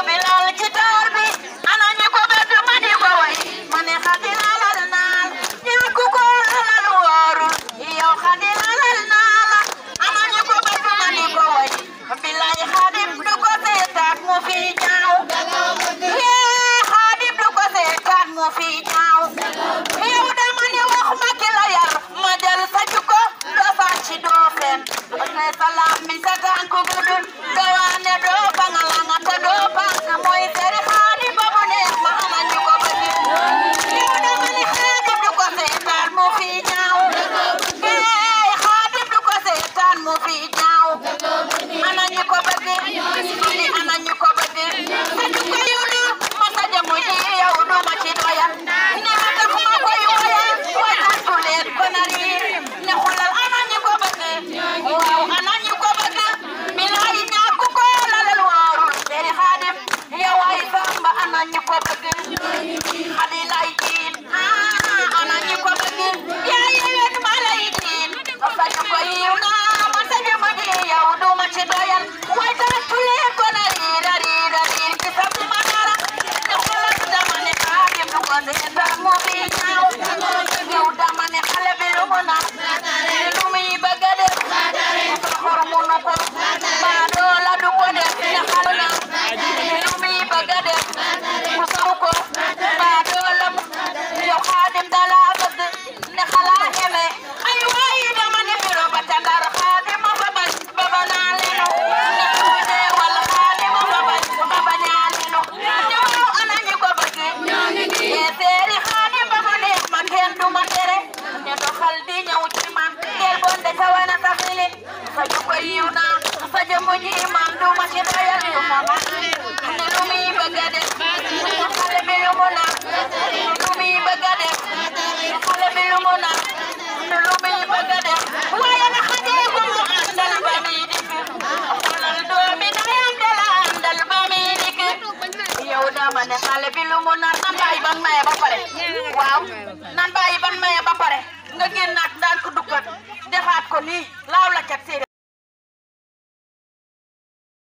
Bilal kita coffee walking out xol di ñëw ci man del bon de kawana sa filin sa jikko yiw na sa jëmm ji man du ma ci dayal yu ma ma ne lu muy bëgg a def xale bi lu mu naan lu muy bëgg a def xale bi lu mu naan lu muy bëgg a def waaye na xajee bu mu àndal ba muy dikk xolal doomi dayam de la àndal ba muy dikk yow dama ne xale bi lu mu naan nan bàyyi ban maye ba pare waaw nan bàyyi ban maye ba pare nga génnaat ndànk duggaat defaat ko nii.